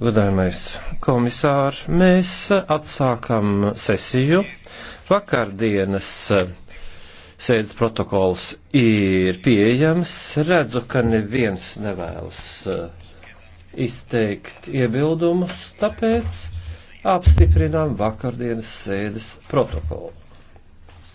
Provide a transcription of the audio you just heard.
Godājumais komisār, mēs atsākam sesiju. Vakardienas eh, sēdes protokols ir pieejams. Redzu, ka neviens nevēlas eh, izteikt iebildumus, tāpēc apstiprinām vakardienas sēdes protokolu.